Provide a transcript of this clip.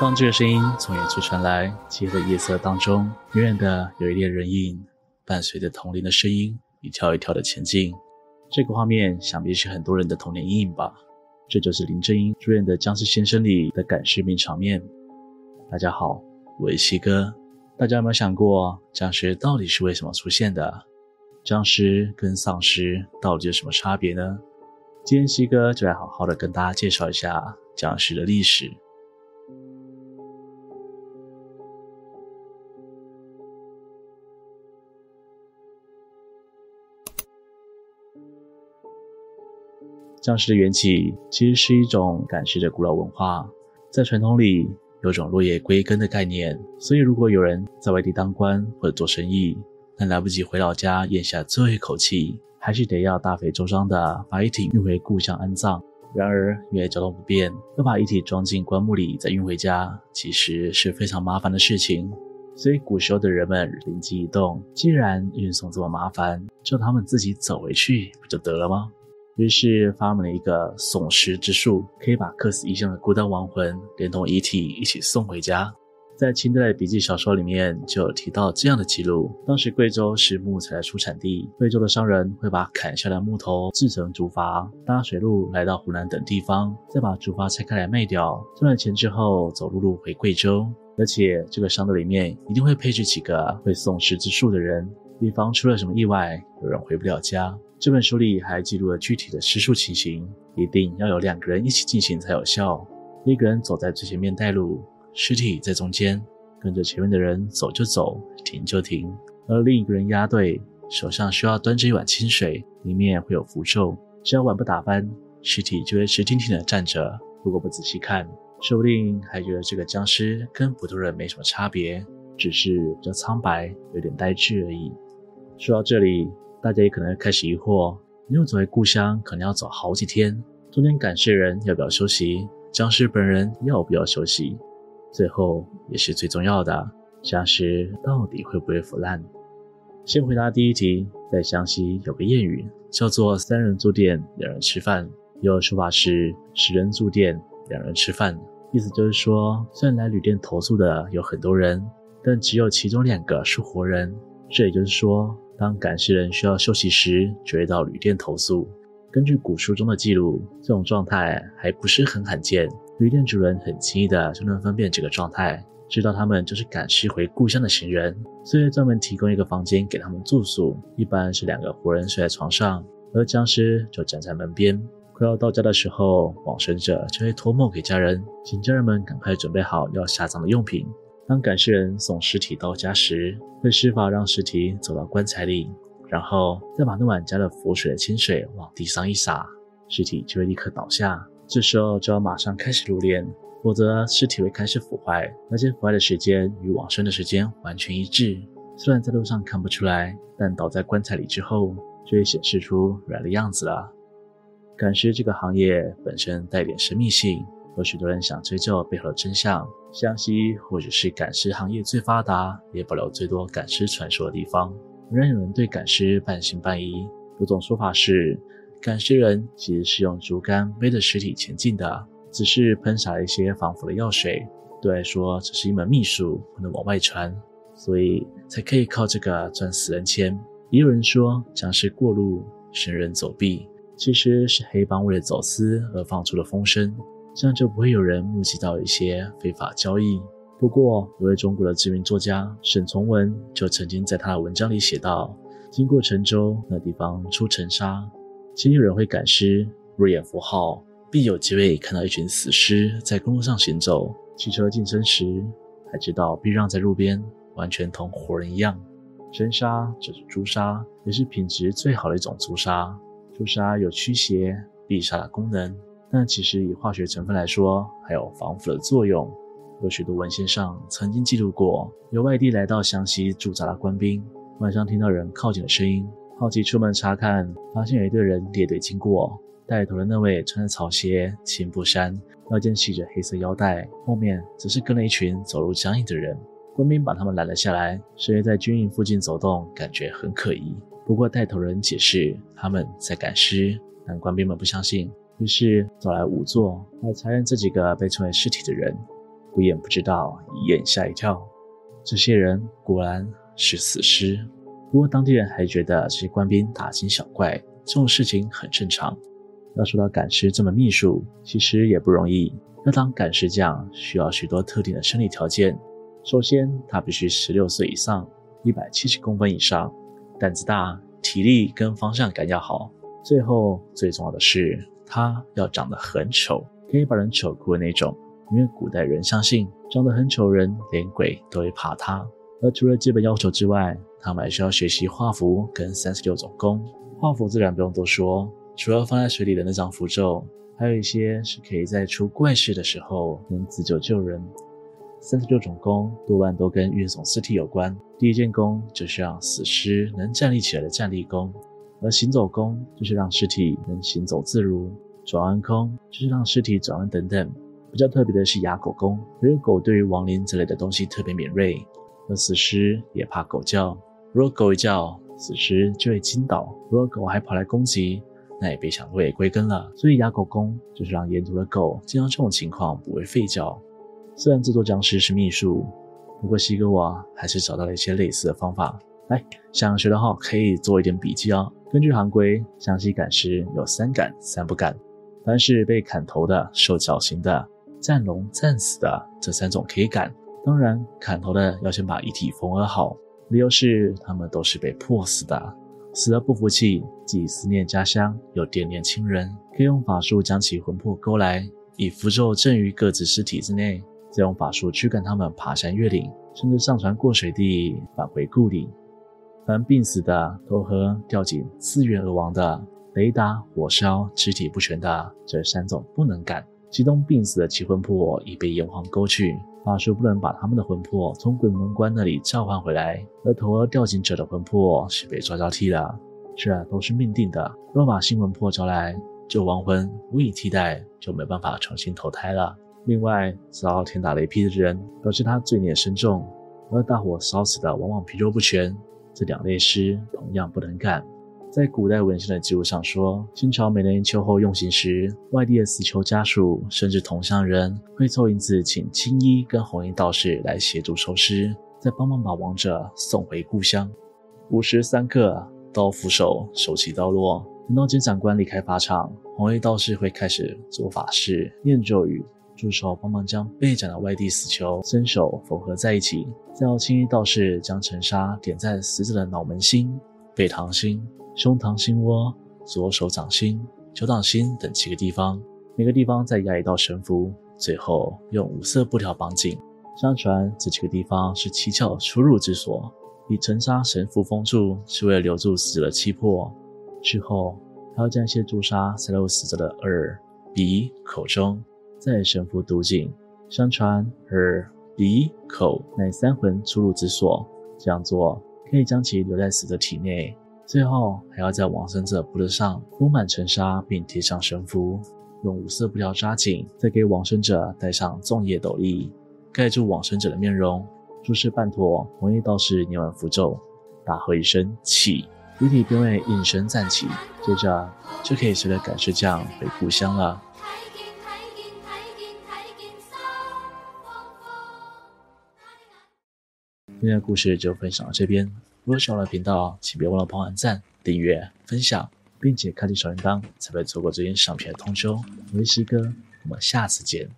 當這個聲音從遠處傳來，漆黑的夜色當中，遠遠的有一列人影，伴隨着銅鈴的聲音，一跳一跳的前進。這個畫面想必是很多人的童年陰影吧。這就是林正英主演的《殭屍先生》裡的趕屍名場面。大家好，我是希哥。大家有沒有想過，殭屍到底是為什麼出現的？僵屍跟喪屍到底有什麼差別呢？今天西哥就來好好的跟大家介紹一下僵屍的歷史。僵屍的源起其實是一種趕屍的古老文化，在傳統裡有種落葉歸根的概念，所以如果有人在外地當官或者做生意。但來不及回老家嚥下這一口氣，還是得要大費周章的把遺體運回故鄉安葬。然而，因為交通不便，要把遺體裝進棺木裡再運回家，其實是非常麻煩的事情。所以，古時候的人們靈機一動，既然運送這麼麻煩，就他們自己走回去不就得了嗎？於是發明了一個送屍之術，可以把客死異鄉的孤單亡魂連同遺體一起送回家。在清代筆記小說裡面就有提到這樣的記錄。當時貴州是木材的出產地，貴州的商人會把砍下的木頭制成竹筏，搭水路來到湖南等地方，再把竹筏拆開來賣掉，賺了錢之後走陸路回貴州。而且這個商隊裡面一定會配置幾個會送屍之術的人，以防出了什麼意外，有人回不了家。這本書裡還記錄了具體的施術情形，一定要有兩個人一起進行才有效，一個人走在最前面帶路。屍體在中間，跟着前面的人走就走，停就停；而另一個人押隊，手上需要端着一碗清水，裡面會有符咒。只要碗不打翻，屍體就會直挺挺地站着。如果不仔細看，說不定還覺得這個僵屍跟普通人沒什麼差別，只是比較蒼白，有點呆滯而已。說到這裡，大家也可能會開始疑惑：你又走回故鄉，可能要走好幾天。中間趕屍人要不要休息？僵屍本人要不要休息？最後也是最重要的，殭屍到底會不會腐爛？先回答第一題，在湘西有個諺語叫做“三人住店，兩人吃飯”，也有說法是“十人住店，兩人吃飯”。意思就是說，雖然來旅店投宿的有很多人，但只有其中兩個是活人。這也就是說，當趕屍人需要休息時，就會到旅店投宿。根據古書中的記錄，這種狀態還不是很罕見。旅店主人很輕易的就能分辨這個狀態，知道他們就是趕屍回故鄉的行人，所以專門提供一個房間給他們住宿。一般是兩個活人睡在床上，而僵屍就站在門邊。快要到家的時候，往生者就會託夢給家人，請家人們趕快準備好要下葬的用品。當趕屍人送屍體到家時，會施法讓屍體走到棺材裡，然後再把那碗加了符水的清水往地上一撒，屍體就會立刻倒下。這時候就要馬上開始入殮，否則屍體會開始腐壞，而且腐壞的時間與往生的時間完全一致。雖然在路上看不出來，但倒在棺材裡之後就會顯示出軟的樣子了。趕屍這個行業本身帶一點神秘性，有許多人想追究背後的真相。湘西或者是趕屍行業最發達，也保留最多趕屍傳說的地方，仍然有人對趕屍半信半疑。有種說法是。趕屍人其實是用竹竿背着屍體前進的，只是噴灑了一些防腐的藥水。對外說這是一門秘術，不能往外傳，所以才可以靠這個賺死人錢。也有人說，僵屍過路，尋人走避，其實是黑幫為了走私而放出了風聲，這樣就不會有人目擊到一些非法交易。不過，一位中國的知名作家沈從文就曾經在他的文章裡寫道：“經過辰州那地方，出辰砂。”曾經有人會趕屍，若眼福好必有機會看到一群死屍在公路上行走，汽車近身時還知道避讓在路邊，完全同活人一樣。辰砂就是朱砂，也是品質最好的一種朱砂。朱砂有驅邪避煞的功能，但其實以化學成分來說，還有防腐的作用。有許多文獻上曾經記錄過，由外地來到湘西駐紮的官兵，晚上聽到人靠近的聲音。好奇出門查看，發現有一隊人列隊經過，帶頭的那位穿着草鞋、青布衫，腰間繫着黑色腰帶，後面則是跟了一群走路僵硬的人。官兵把他們攔了下來，是因為在軍營附近走動，感覺很可疑。不過帶頭人解釋，他們在趕屍，但官兵們不相信，於是找來仵作來查驗這幾個被稱為屍體的人。不驗不知道，一驗嚇一跳，這些人果然是死屍。不過，當地人還覺得這些官兵大驚小怪，這種事情很正常。要說到趕屍這門秘術，其實也不容易。要當趕屍匠，需要許多特定的生理條件。首先，他必須十六歲以上，一百七十公分以上，膽子大，體力跟方向感要好。最後，最重要的是，他要長得很醜，可以把人醜哭的那種。因為古代人相信，長得很醜的人，連鬼都會怕他。而除了基本要求之外，他們還需要學習畫符跟三十六種功。畫符自然不用多說，除了放在水裡的那張符咒，還有一些是可以在出怪事的時候能自救救人。三十六種功多半都跟運送屍體有關。第一件功就是讓死屍能站立起來的站立功，而行走功就是讓屍體能行走自如，轉彎功就是讓屍體轉彎等等。比較特別的是啞狗功，因為狗對於亡靈之類的東西特別敏銳。而死屍也怕狗叫，如果狗一叫，死屍就會驚倒；如果狗還跑來攻擊，那也別想落葉歸根了。所以啞狗功就是讓沿途的狗見到這種情況不會吠叫。雖然制作僵屍是秘術，不過西哥我、啊、還是找到了一些類似的方法。來，想學的話可以做一點筆記哦。根據行規，湘西趕屍有三趕三不趕，凡是被砍頭的、受絞刑的、站籠站死的這三種可以趕。當然，砍頭的要先把遺體縫合好，理由是他們都是被迫死的。死而不服氣，既思念家鄉，又惦念親人，可以用法術將其魂魄勾來，以符咒鎮於各自屍體之內，再用法術驅趕他們爬山越嶺，甚至上船過水地返回故里。凡病死的、投河吊頸、自縊而亡的、雷打、火燒、肢體不全的，這三種不能趕，其中病死的其魂魄，魄已被閻王勾去。法術不能把他們的魂魄從鬼門關那裡召喚回來，而投而吊井者的魂魄是被抓交替了，這都是命定的。若把新魂魄招來，舊亡魂無以替代，就沒辦法重新投胎了。另外，遭天打雷劈的人，表示他罪孽深重；而大火燒死的，往往皮肉不全，這兩類屍同樣不能幹。在古代文獻的記錄上說，清朝每年秋後用刑時，外地的死囚家屬甚至同鄉人會湊銀子請青衣跟紅衣道士來協助收屍，再幫忙把亡者送回故鄉。午時三刻，刀斧手手起刀落，等到監斬官離開法場，紅衣道士會開始做法事，念咒語，助手幫忙將被斬的外地死囚身首縫合在一起，再由青衣道士將塵沙點在死者的腦門心，背膛心。胸膛、心窩、左手掌心、手掌心等七個地方，每個地方再壓一道神符，最後用五色布條綁緊。相傳這幾個地方是七竅出入之所，以朱砂神符封住，是為了留住死者的七魄。之後還要將一些朱砂塞入死者的耳、鼻、口中，再神符堵緊。相傳耳、鼻、口乃三魂出入之所，這樣做可以將其留在死者體內。最後還要在往生者脖子上鋪滿塵沙，並貼上神符，用五色布條紮緊，再給往生者戴上粽葉斗笠，蓋住往生者的面容。諸事辦妥，紅衣道士念完符咒，大喝一聲“起”，遺體便會應聲站起，接着就可以隨着趕屍匠回故鄉了。今天的故事就分享到這邊。如果喜歡我的頻道，請別忘了幫我按讚、訂閱、分享，並且開啟小鈴鐺，才不會錯過最新上片的通知哦。我是西哥，我們下次見。